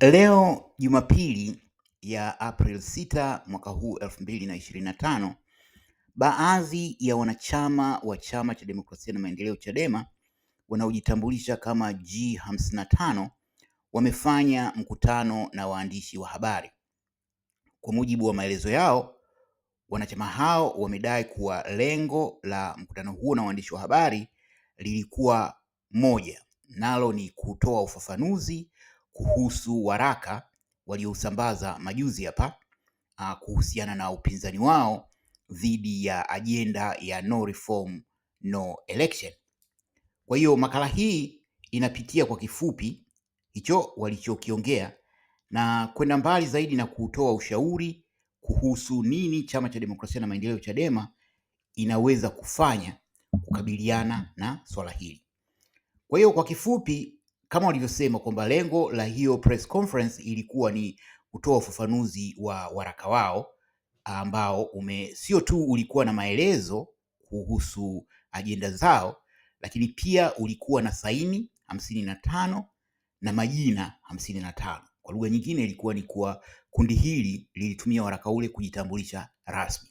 Leo Jumapili ya April 6 mwaka huu 2025, baadhi ya wanachama wa Chama cha Demokrasia na Maendeleo Chadema wanaojitambulisha kama G55 wamefanya mkutano na waandishi wa habari. Kwa mujibu wa maelezo yao, wanachama hao wamedai kuwa lengo la mkutano huo na waandishi wa habari lilikuwa moja, nalo ni kutoa ufafanuzi kuhusu waraka waliousambaza majuzi hapa ah, kuhusiana na upinzani wao dhidi ya ajenda ya no reform no election. Kwa hiyo makala hii inapitia kwa kifupi hicho walichokiongea na kwenda mbali zaidi na kutoa ushauri kuhusu nini chama cha demokrasia na maendeleo Chadema inaweza kufanya kukabiliana na swala hili. Kwa hiyo kwa kifupi kama walivyosema kwamba lengo la hiyo press conference ilikuwa ni kutoa ufafanuzi wa waraka wao ambao ume sio tu ulikuwa na maelezo kuhusu ajenda zao, lakini pia ulikuwa na saini hamsini na tano na majina hamsini na tano. Kwa lugha nyingine ilikuwa ni kuwa kundi hili lilitumia waraka ule kujitambulisha rasmi,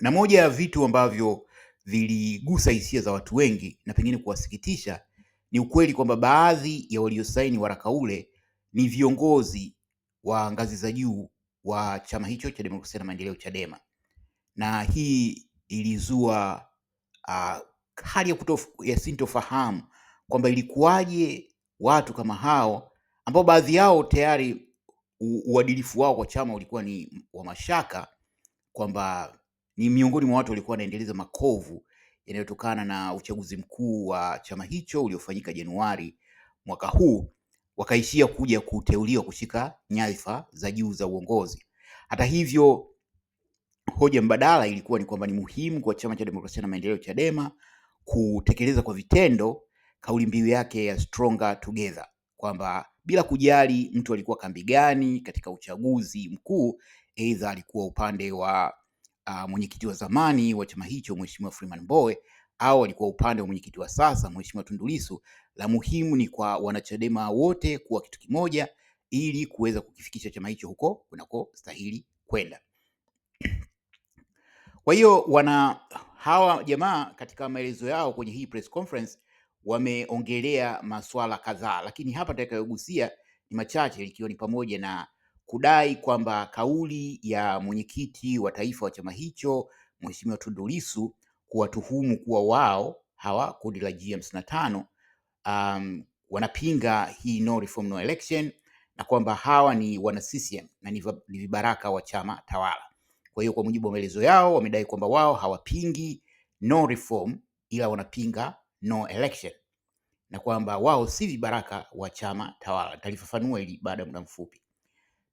na moja ya vitu ambavyo viligusa hisia za watu wengi na pengine kuwasikitisha ni ukweli kwamba baadhi ya waliosaini waraka ule ni viongozi wa ngazi za juu wa chama hicho cha Demokrasia na Maendeleo, Chadema, na hii ilizua uh, hali ya, ya sintofahamu kwamba ilikuwaje watu kama hao ambao baadhi yao tayari uadilifu wao kwa chama ulikuwa ni wa mashaka, kwamba ni miongoni mwa watu walikuwa wanaendeleza makovu yanayotokana na uchaguzi mkuu wa chama hicho uliofanyika Januari mwaka huu, wakaishia kuja kuteuliwa kushika nyadhifa za juu za uongozi. Hata hivyo, hoja mbadala ilikuwa ni kwamba ni muhimu kwa chama cha demokrasia na maendeleo Chadema kutekeleza kwa vitendo kauli mbiu yake ya Stronger Together kwamba bila kujali mtu alikuwa kambi gani katika uchaguzi mkuu, aidha alikuwa upande wa uh, mwenyekiti wa zamani wa chama hicho Mheshimiwa Freeman Mbowe au alikuwa upande wa mwenyekiti wa sasa Mheshimiwa Tundu Lissu. La muhimu ni kwa wanachadema wote kuwa kitu kimoja ili kuweza kukifikisha chama hicho huko kunakostahili kwenda. Kwa hiyo wana hawa jamaa katika maelezo yao kwenye hii press conference wameongelea masuala kadhaa, lakini hapa nitakayogusia ni machache, ikiwa ni pamoja na kudai kwamba kauli ya mwenyekiti wa taifa wa chama hicho Mheshimiwa Tundu Lissu kuwatuhumu kuwa wao hawa kundi la G55 um, wanapinga hii no reform no election na kwamba hawa ni wana CCM na ni vibaraka wa chama tawala. Kwa hiyo kwa mujibu wa maelezo yao, wamedai kwamba wao hawapingi no reform, ila wanapinga no election na kwamba wao si vibaraka wa chama tawala. Nitalifafanua hili baada ya muda mfupi.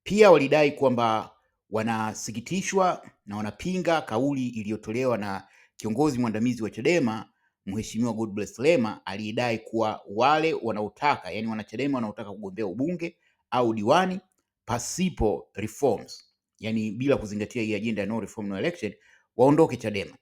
Pia walidai kwamba wanasikitishwa na wanapinga kauli iliyotolewa na kiongozi mwandamizi wa Chadema Mheshimiwa Godbless Lema aliyedai kuwa wale wanaotaka yani wanachadema wanaotaka kugombea ubunge au diwani pasipo reforms, yani bila kuzingatia hii ajenda ya no reform no election waondoke Chadema.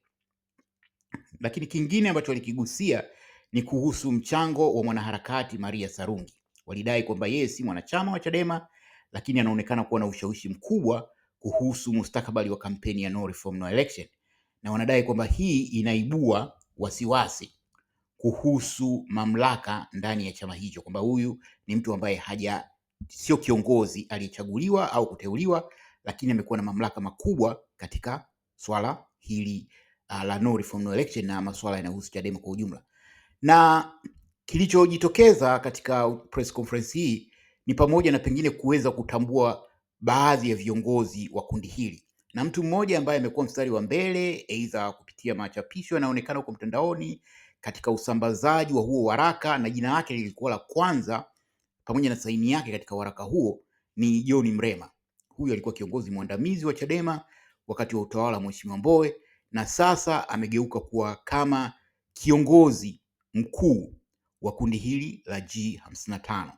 Lakini kingine ambacho walikigusia ni kuhusu mchango wa mwanaharakati Maria Sarungi. Walidai kwamba yeye si mwanachama wa Chadema lakini anaonekana kuwa na ushawishi mkubwa kuhusu mustakabali wa kampeni ya no reform no election, na wanadai kwamba hii inaibua wasiwasi kuhusu mamlaka ndani ya chama hicho, kwamba huyu ni mtu ambaye haja sio kiongozi aliyechaguliwa au kuteuliwa, lakini amekuwa na mamlaka makubwa katika swala hili uh, la no reform no election na masuala yanayohusu Chadema kwa ujumla. Na kilichojitokeza katika press conference hii ni pamoja na pengine kuweza kutambua baadhi ya viongozi wa kundi hili, na mtu mmoja ambaye amekuwa mstari wa mbele aidha kupitia machapisho anaonekana huko mtandaoni katika usambazaji wa huo waraka, na jina lake lilikuwa la kwanza pamoja na saini yake katika waraka huo ni John Mrema. Huyu alikuwa kiongozi mwandamizi wa Chadema wakati wa utawala wa Mheshimiwa Mbowe, na sasa amegeuka kuwa kama kiongozi mkuu wa kundi hili la G55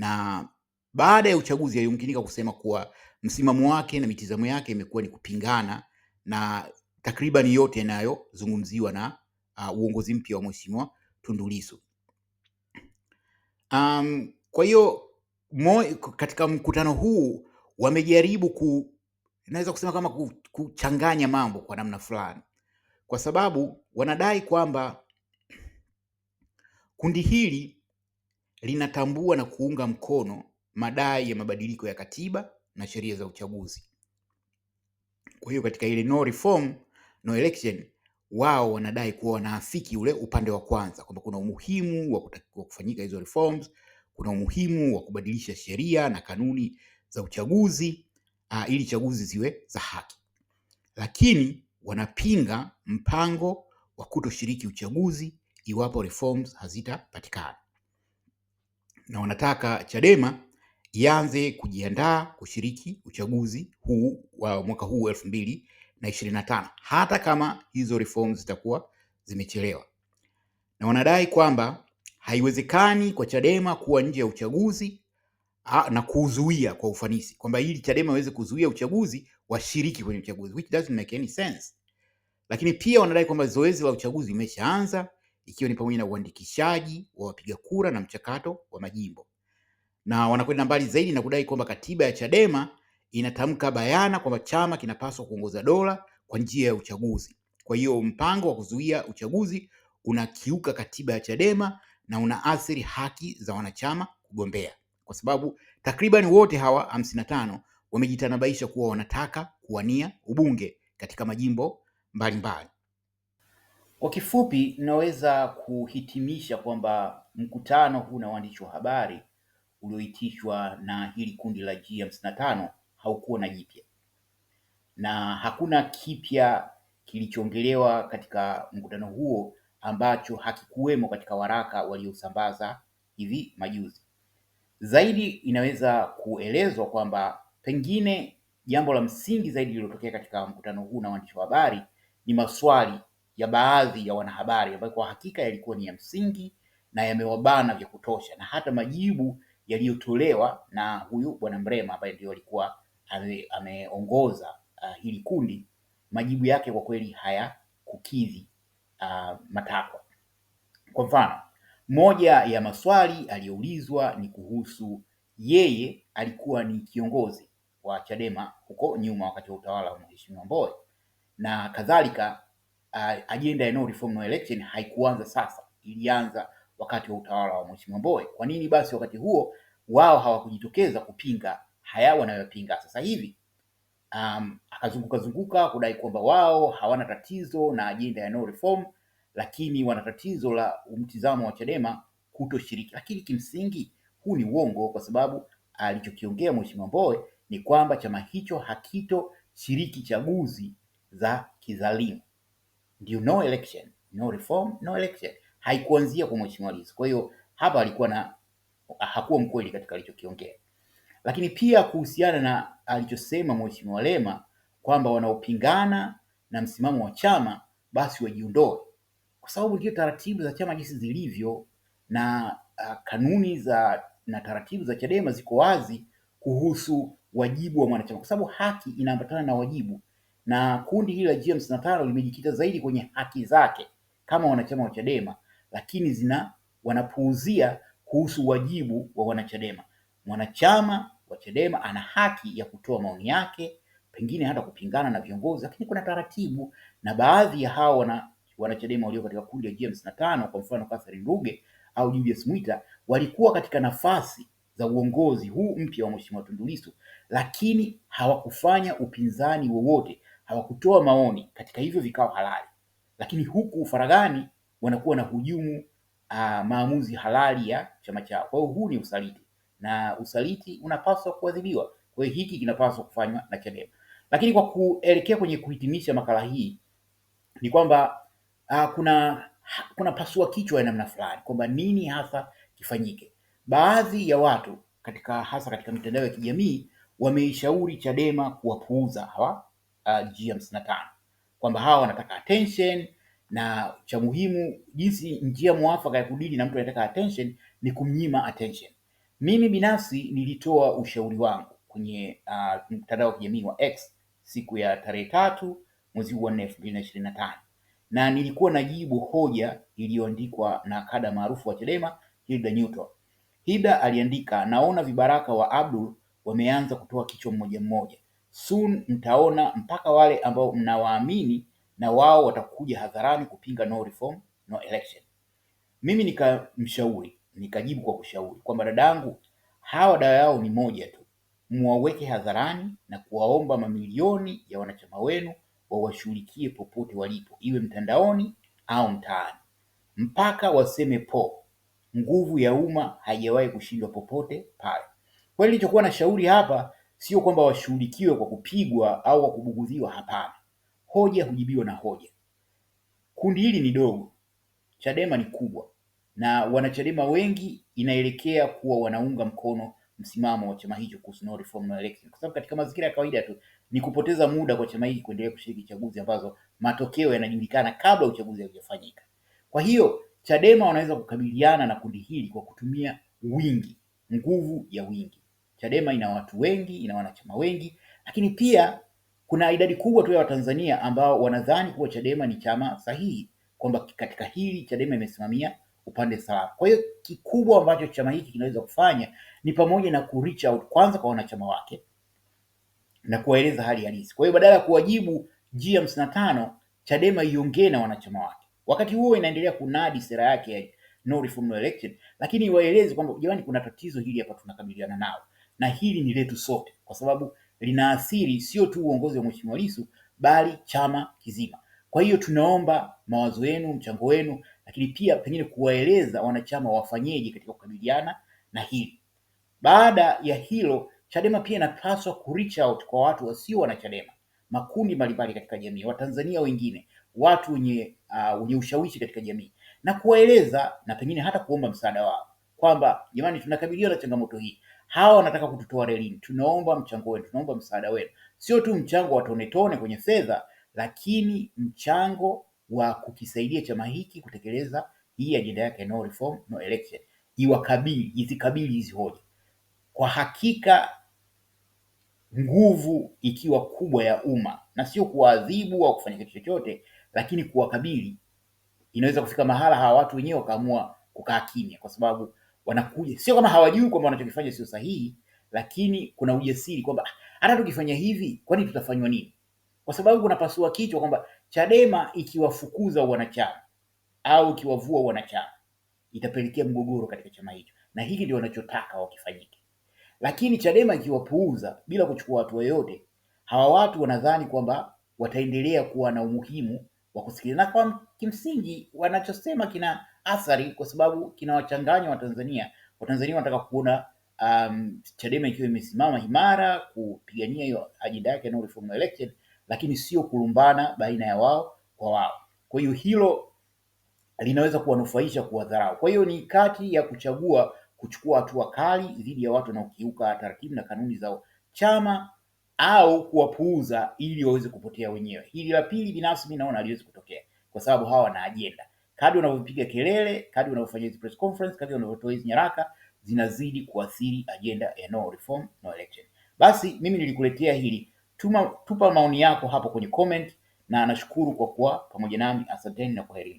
na baada ya uchaguzi yayumkinika kusema kuwa msimamo wake na mitizamo yake imekuwa ni kupingana na takriban yote yanayozungumziwa na uh, uongozi mpya wa Mheshimiwa Tundu Lissu. Um, kwa hiyo katika mkutano huu wamejaribu ku naweza kusema kama kuchanganya mambo kwa namna fulani, kwa sababu wanadai kwamba kundi hili linatambua na kuunga mkono madai ya mabadiliko ya katiba na sheria za uchaguzi. Kwa hiyo katika ile no reform no election, wao wanadai kuwa wanaafiki ule upande wa kwanza kwamba kuna umuhimu wa kufanyika hizo reforms, kuna umuhimu wa kubadilisha sheria na kanuni za uchaguzi uh, ili chaguzi ziwe za haki, lakini wanapinga mpango wa kutoshiriki uchaguzi iwapo reforms hazitapatikana na wanataka Chadema ianze kujiandaa kushiriki uchaguzi huu wa mwaka huu elfu mbili na ishirini na tano hata kama hizo reforms zitakuwa zimechelewa, na wanadai kwamba haiwezekani kwa Chadema kuwa nje ya uchaguzi na kuuzuia kwa ufanisi, kwamba ili Chadema aweze kuzuia uchaguzi washiriki kwenye uchaguzi, which doesn't make any sense. Lakini pia wanadai kwamba zoezi la uchaguzi limeshaanza ikiwa ni pamoja na uandikishaji wa wapiga kura na mchakato wa majimbo. Na wanakwenda mbali zaidi na kudai kwamba katiba ya Chadema inatamka bayana kwamba chama kinapaswa kuongoza dola kwa njia ya uchaguzi. Kwa hiyo mpango wa kuzuia uchaguzi unakiuka katiba ya Chadema na unaathiri haki za wanachama kugombea, kwa sababu takriban wote hawa hamsini na tano wamejitanabaisha kuwa wanataka kuwania ubunge katika majimbo mbalimbali. Kwa kifupi, naweza kuhitimisha kwamba mkutano huu na waandishi wa habari ulioitishwa na hili kundi la G55 haukuwa na jipya na hakuna kipya kilichoongelewa katika mkutano huo ambacho hakikuwemo katika waraka waliosambaza hivi majuzi. Zaidi inaweza kuelezwa kwamba pengine jambo la msingi zaidi lililotokea katika mkutano huu na waandishi wa habari ni maswali ya baadhi ya wanahabari ambayo kwa hakika yalikuwa ni ya msingi na yamewabana vya kutosha, na hata majibu yaliyotolewa na huyu bwana Mrema ambaye ndio alikuwa ameongoza uh, hili kundi, majibu yake kwa kweli hayakukidhi uh, matakwa. Kwa mfano, moja ya maswali aliyoulizwa ni kuhusu yeye alikuwa ni kiongozi wa Chadema huko nyuma wakati wa utawala wa Mheshimiwa Mbowe na kadhalika uh, ajenda ya no reform no election haikuanza sasa, ilianza wakati wa utawala wa Mheshimiwa Mbowe. Kwa nini basi wakati huo wao hawakujitokeza kupinga haya wanayopinga sasa hivi? Um, akazunguka zunguka kudai kwamba wao hawana tatizo na ajenda ya no reform, lakini wana tatizo la mtizamo wa Chadema kutoshiriki. Lakini kimsingi huu ni uongo, kwa sababu alichokiongea Mheshimiwa Mbowe ni kwamba chama hicho hakito shiriki chaguzi za kizalimu ndio no election, no reform, no election. Haikuanzia kwa mheshimiwa Lissu. Kwa hiyo hapa alikuwa na hakuwa mkweli katika alichokiongea, lakini pia kuhusiana na alichosema mheshimiwa Lema kwamba wanaopingana na msimamo wa chama basi wajiondoe, kwa sababu ndio taratibu za chama jinsi zilivyo, na uh, kanuni za na taratibu za Chadema ziko wazi kuhusu wajibu wa mwanachama, kwa sababu haki inaambatana na wajibu na kundi hili la G55 limejikita zaidi kwenye haki zake kama wanachama wa Chadema, lakini zina wanapuuzia kuhusu wajibu wa wanachadema. Mwanachama wa Chadema ana haki ya kutoa maoni yake, pengine hata kupingana na viongozi, lakini kuna taratibu, na baadhi ya hao wana wanachadema walio katika kundi la G55 kwa mfano Catherine Ruge au Julius Mwita walikuwa katika nafasi za uongozi huu mpya wa Mheshimiwa Tundu Lissu, lakini hawakufanya upinzani wowote hawakutoa maoni katika hivyo vikao halali, lakini huku faragani wanakuwa na hujumu uh, maamuzi halali ya chama chao. Kwa hiyo huu ni usaliti na usaliti unapaswa kuadhibiwa. Kwa hiyo hiki kinapaswa kufanywa na Chadema. Lakini kwa kuelekea kwenye kuhitimisha makala hii ni kwamba uh, kuna kuna pasua kichwa ya namna fulani kwamba nini hasa kifanyike. Baadhi ya watu katika hasa katika mitandao ya kijamii wameishauri Chadema kuwapuuza hawa Uh, g tano kwamba hawa wanataka attention, na cha muhimu, jinsi njia mwafaka ya kudili na mtu anataka attention ni kumnyima attention. Mimi binafsi nilitoa ushauri wangu kwenye uh, mtandao wa kijamii wa X siku ya tarehe tatu mwezi huu wa nne elfu mbili na ishirini na tano na nilikuwa najibu hoja iliyoandikwa na kada maarufu wa Chadema Hilda Newton. Hilda aliandika, naona vibaraka wa Abdul wameanza kutoa kichwa mmoja mmoja soon mtaona mpaka wale ambao mnawaamini na wao watakuja hadharani kupinga no reform, no election. Mimi nikamshauri nikajibu kwa kushauri kwamba dadangu, hawa dawa yao ni moja tu, muwaweke hadharani na kuwaomba mamilioni ya wanachama wenu wawashughulikie popote walipo, iwe mtandaoni au mtaani, mpaka waseme po. Nguvu ya umma haijawahi kushindwa popote pale. Kwa hiyo nilichokuwa na shauri hapa sio kwamba washughulikiwe kwa kupigwa au kwa kubuguziwa Hapana, hoja hujibiwa na hoja. Kundi hili ni dogo, Chadema ni kubwa, na wanachadema wengi inaelekea kuwa wanaunga mkono msimamo wa chama hicho kuhusu no reform no election, kwa sababu katika mazingira ya kawaida tu ni kupoteza muda kwa chama hiki kuendelea kushiriki chaguzi ambazo matokeo yanajulikana kabla uchaguzi haujafanyika. Kwa hiyo Chadema wanaweza kukabiliana na kundi hili kwa kutumia wingi, nguvu ya wingi. Chadema ina watu wengi, ina wanachama wengi, lakini pia kuna idadi kubwa tu ya Watanzania ambao wanadhani kuwa Chadema ni chama sahihi, kwamba katika hili Chadema imesimamia upande sawa. Kwa hiyo kikubwa ambacho chama hiki kinaweza kufanya ni pamoja na ku out kwanza kwa wanachama wake na kuwaeleza hali halisi. Kwa hiyo badala ya kuwajibu G55, Chadema iongee na wanachama wake, wakati huo inaendelea kunadi sera yake ya no reform no election, lakini iwaeleze kwamba jamani, kuna tatizo hili hapa tunakabiliana nao na hili ni letu sote, kwa sababu linaathiri sio tu uongozi wa Mheshimiwa Lissu bali chama kizima. Kwa hiyo tunaomba mawazo yenu, mchango wenu, lakini pia pengine kuwaeleza wanachama wafanyeje katika kukabiliana na hili. Baada ya hilo, Chadema pia inapaswa ku reach out kwa watu wasio wanachadema, makundi mbalimbali katika jamii, Watanzania wengine, watu wenye uh, wenye ushawishi katika jamii na kuwaeleza na pengine hata kuomba msaada wao kwamba jamani, tunakabiliwa na changamoto hii, hawa wanataka kututoa relini, tunaomba mchango wenu, tunaomba msaada wenu, sio tu mchango wa tone tone kwenye fedha, lakini mchango wa kukisaidia chama hiki kutekeleza hii ajenda yake no reform no election, iwakabili izikabili hizi hoja. Kwa hakika nguvu ikiwa kubwa ya umma na sio kuwaadhibu au kufanya kitu chochote, lakini kuwakabili, inaweza kufika mahala hawa watu wenyewe wakaamua kukaa kimya kwa sababu wanakuja, sio kama hawajui kwamba wanachokifanya sio sahihi, lakini kuna ujasiri kwamba ah, hata tukifanya hivi, kwani tutafanywa nini? Kwa sababu kuna pasua kichwa kwamba Chadema ikiwafukuza wanachama au ikiwavua wanachama itapelekea mgogoro katika chama hicho, na hiki ndio wanachotaka wakifanyike. Lakini Chadema ikiwapuuza bila kuchukua hatua yoyote, hawa watu wanadhani kwamba wataendelea kuwa na umuhimu wa kusikiliza. Na kwa kimsingi wanachosema kina athari, kwa sababu kinawachanganya Watanzania. Watanzania wanataka kuona um, Chadema ikiwa imesimama imara kupigania hiyo ajenda yake no reform election, lakini sio kulumbana baina ya wao kwa wao. Kwa hiyo hilo linaweza kuwanufaisha, kuwadharau. Kwa hiyo ni kati ya kuchagua kuchukua hatua kali dhidi ya watu wanaokiuka taratibu na kanuni za chama au kuwapuuza ili waweze kupotea wenyewe. Hili la pili binafsi mimi naona haliwezi kutokea kwa sababu hawa wana ajenda. Kadri wanavyopiga kelele, kadri wanavyofanya hizi press conference, kadri wanavyotoa hizi nyaraka zinazidi kuathiri ajenda ya no reform no election. Basi mimi nilikuletea hili. Tuma, tupa maoni yako hapo kwenye comment na nashukuru kwa kuwa pamoja nami. Asanteni na kwaherini.